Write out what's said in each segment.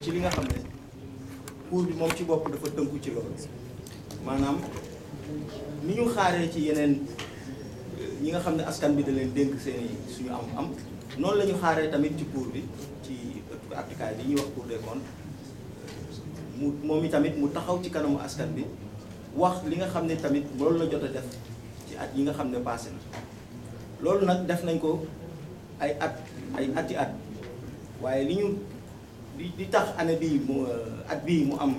ci li nga xam ne cour bi moom ci bopp dafa tënku ci loolu maanaam ni ñu xaaree ci yeneen ñi nga xam ne askan bi da leen dénk seen i suñu am am noonu la xaaree tamit ci cour bi ci application bi ñuy wax cour des comptes moom i tamit mu taxaw ci kanamu askan bi wax li nga xam ne tamit loolu la jot a def ci at yi nga xam ne passé na loolu nag def nañ ko ay at ay ati at waaye li ñu li li tax année bii mu euh, ak bii mu am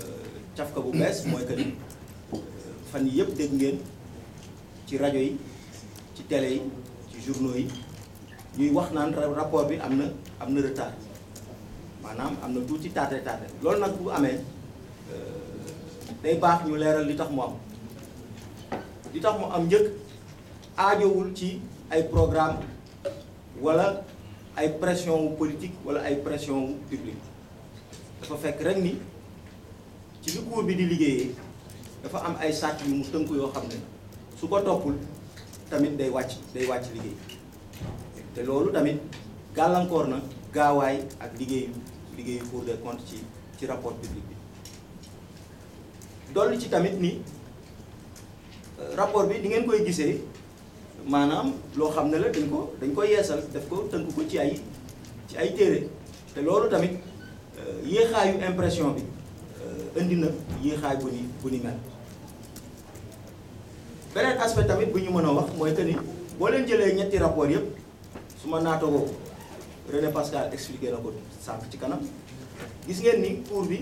euh, cafka bu bees mooy que euh, fan yi yëpp dégg ngeen ci rajo yi ci télé yi ci journaux yi ñuy wax naan rapport bi am na am na retard maanaam am na tuuti tardé tardé loolu nag bu amee day baax ñu leeral li tax mu am li tax mu am njëkk aajowul ci ay programme wala ay pression wu politique wala ay pression wu publique dafa fekk rek ni ci li bi di liggéeyee dafa am ay sàcc yu mu tënk yoo xam ne su ko toppul tamit day wàcc day wàcc liggéey te loolu tamit gàllankoor na gaawaay ak liggéeyu liggéeyu Cour des comptes ci ci rapport public bi dolli ci tamit ni euh, rapport bi di ngeen koy gisee maanaam loo xam ne la dañ ko dañ ko yeesal def ko tënk ko ci ay ci ay téere te loolu tamit euh, yéexaayu impression bi euh, indi na yéexaay bu ni bu ni mel beneen aspect tamit bu ñu mën a wax mooy que ni boo leen jëlee ñetti rapport yëpp su ma naatoo René Pascal expliqué na ko sànq ci kanam gis ngeen ni cours bi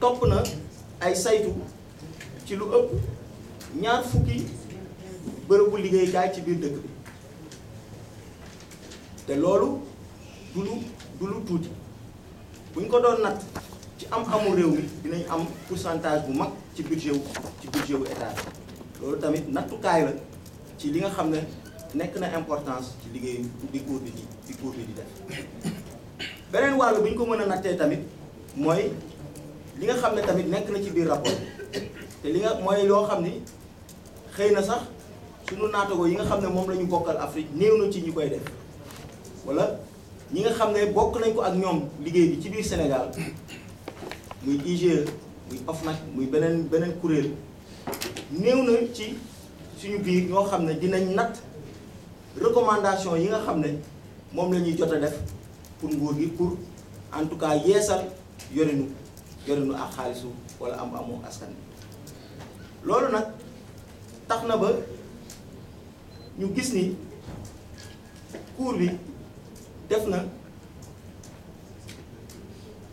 topp na ay saytu ci lu ëpp ñaar fukki bërëbu liggéeykaay ci biir dëkk bi te loolu du lu du lu tuuti ko doon ci am réew mi dinañ am pourcentage bu mag ci budget wu ci budget wu état loolu tamit nattukaay la ci li nga xam ne na importance ci liggéey di cour bi di def ko a nattee tamit mooy li nga xam tamit nekk na ci biir rapport li nga suñu naatagoo yi nga xam ne moom la ñu bokkal Afrique néew na ci ñu koy def wala ñi nga xam ne bokk nañ ko ak ñoom liggéey bi ci biir Sénégal muy IGE muy OFNAC muy beneen beneen kuréel néew na ci suñu biir ñoo xam ne dinañ natt recommandation yi nga xam ne moom la ñuy jot a def pour nguur gi pour en tout cas yeesal yorinu yorinu ak xaalisu wala am amoo askan bi loolu nag tax na ba ñu gis ni cour bi def na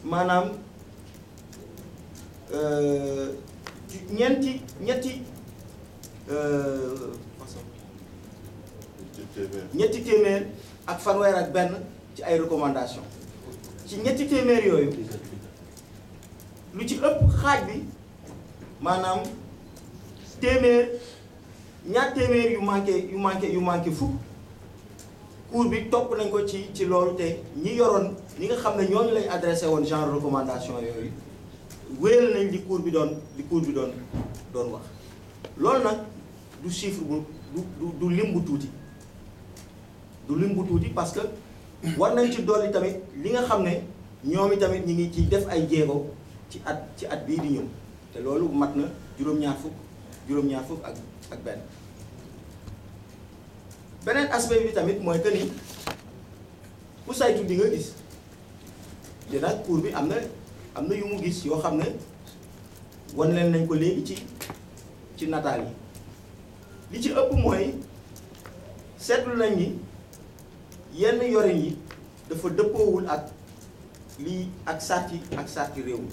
maanaam euh, ñeenti ñetti euh, ñetti téeméer ak fanweer ak benn ci ay recommandation ci ñetti téeméer yooyu lu ci ëpp xaaj bi maanaam téeméer ñaar yu manqué yu manqué yu manqué fukk cours bi topp nañ ko ci ci loolu te ñi yoroon ñi nga xam ne ñooñu lañ adressé woon genre recommandation yooyu wéyal nañ li cours bi doon li cours bi doon doon wax loolu nag du chiffre bu du du lim tuuti du lim tuuti parce que war nañ ci dolli tamit li nga xam ne ñoom i tamit ñi ngi ci def ay jéego ci at ci at bii di ñëw te loolu mat na juróom-ñaar fukk juróom-ñaar fukk ak benn beneen aspect bi tamit mooy que ni ku saytu di nga gis dina cour bi am na am na yu mu gis yoo xam ne wan leen nañ ko léegi ci ci nataal yi li ci ëpp mooy seetlu nañ ni yenn yorin yi dafa dëppoowul ak li ak sart yi ak sart réew mi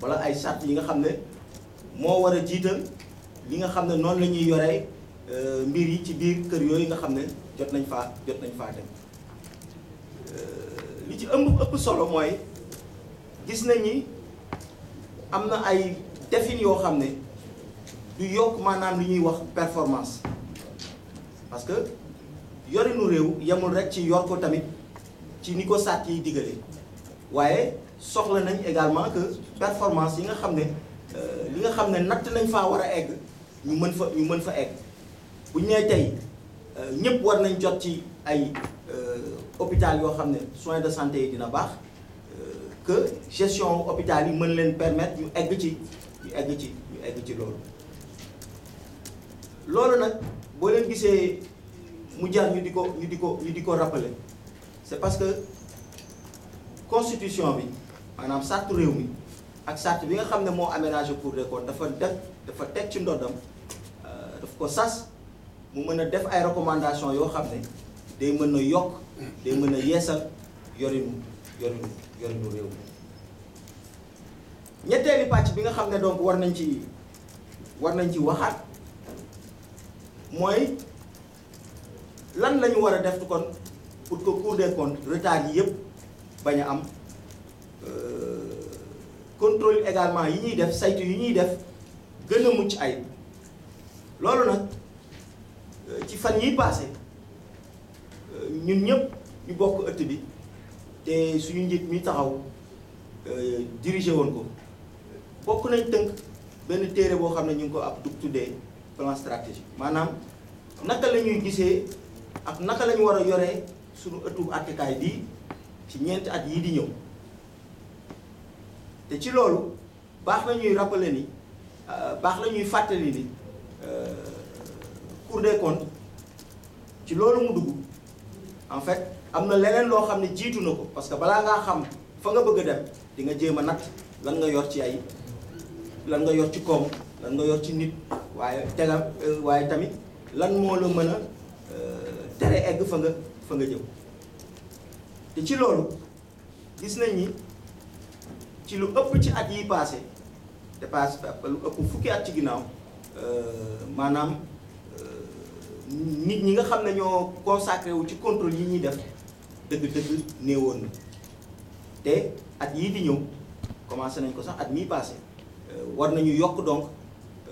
wala ay sart yi nga xam ne moo war a jiital li nga xam ne noonu la ñuy yoree Euh, mbir yi ci biir kër yooyu nga xam ne jot nañ faa jot nañ faa dem euh, li ci ëmb ëpp solo mooy gis nañ ni am ay defin yoo xam du yokk maanaam li ñuy wax performance parce que yorinu réew yamul rek ci yor ko tamit ci ni ko sàkk yi diggale waaye soxla nañ également que performance yi nga xam ne euh, li nga xam ne nañ faa war egg ñu mën fa ñu mën fa egg bu ñu nee tey euh, ñëpp war nañ jot ci ay euh, hôpital yoo xam ne soins de santé yi dina baax euh, que gestion hôpital yi mën leen permettre ñu egg ci ñu egg ci ñu egg ci loolu. loolu nag boo leen gisee mu jar ñu di ko ñu di ko ñu di ko rappeler c'est parce que constitution bi maanaam charte réew mi ak charte bi nga xam ne moo aménagé Cour des dafa def dafa teg ci ndoddam daf ko sas. mu mën a def ay recommandation yoo xam ne day mën a yokk day mën a yeesal yorinu yorinu yorinu réew mi ñetteeli pàcc bi nga xam ne donc war nañ ci war nañ ci waxaat mooy lan lañu ñu war a def kon pour que Cour des comptes retard yi yëpp bañ a am euh, contrôle également yi ñuy def saytu yi ñuy def gën a mucc ay loolu nag. ci fan yi passé ñun ñëpp ñu bokk ëtt bi te suñu njiit ñu taxaw dirigé woon ko bokk nañ tënk benn téere boo xam ne ñu ngi ko ab dug tuddee plan stratégique maanaam naka la ñuy gisee ak naka la war a yoree suñu ëttu attekaay bii ci ñeenti at yi di ñëw te ci loolu baax na ñuy rappeler ni baax na ñuy fàttali ni cour des ci loolu mu dugg en fait am na leneen loo xam ne jiitu na ko parce que balaa ngaa xam fa nga bëgg a dem di nga jéem a natt lan nga yor ci ay lan nga yor ci koom lan nga yor ci nit waaye tega waaye tamit lan moo la mën a euh, tere egg fa nga fa nga jëm te ci loolu gis nañ ni ci lu ëpp ci at yi passé dépasse lu ëpp fukki at ci ginnaaw euh, maanaam nit ñi nga xam ne ñoo consacré wu ci contrôle yi ñuy def dëgg-dëgg néewoon na te at yii di ñëw commencé nañ ko sax at mii passé euh, war nañu yokk donc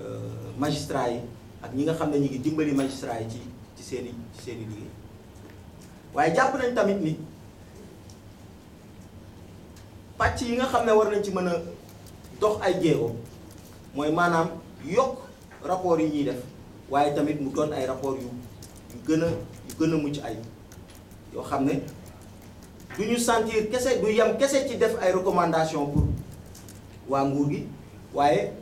euh, magistrat yi ak ñi nga xam ne ñu ngi dimbali magistrat yi ci ci seen i seen i liggéey waaye jàpp nañ tamit ni pàcc yi nga xam ne war nañ ci mën a dox ay jéego mooy maanaam yokk rapport yi ñuy def waaye tamit mu doon ay rapport yu yu gën a yu gën a mucc ay yoo xam ne du ñu sentir kese du yam kese ci def ay recommandation pour waa nguur gi waaye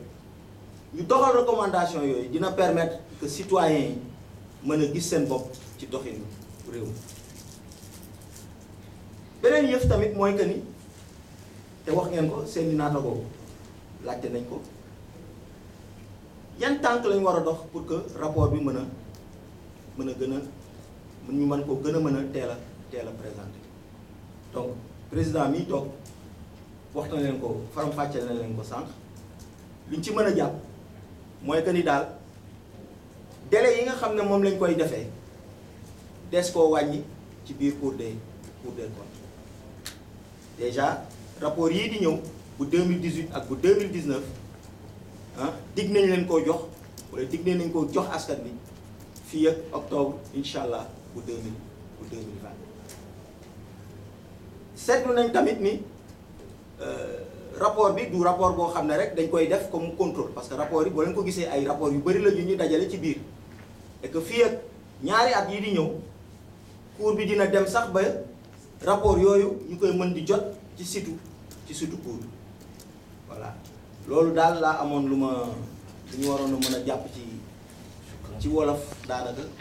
ñu doxal recommandation yooyu dina permettre que citoyens yi mën a gis seen bopp ci doxinu réew mi beneen yëf tamit mooy que ni te wax ngeen ko seen i naata ko laajte nañ ko yan tank lañ war a dox pour que rapport bi mën a mën a gën a ñu mën ko gën a mën a teel a lah. teel a lah présenté donc président mi toog waxtan leen ko faram fàccee na leen ko sànq luñ ci mën a jàpp que ni daal délai yi nga xam ne moom lañ koy defee des koo wàññi ci biir cour des cour des comptes déjà rapport yii di ñëw bu 2018 ak bu 2019 ah digg nañ leen koo jox wala digg nañ koo jox askan bi fii octobre incha allah bu deux mille bu deux mille vingt seetlu nañ tamit ni euh, rapport bi du rapport boo xam ne rek dañ koy def comme contrôle parce que rapport yi boo leen ko gisee ay rapport yu bari la yu ñu dajale ci biir et que fii ak ñaari at yi di ñëw cour bi dina dem sax ba rapport yooyu ñu koy mën di jot ci situ ci situ cour bi voilà lolou dal la amone luma ñu warono mëna japp ci ci wolof daanaka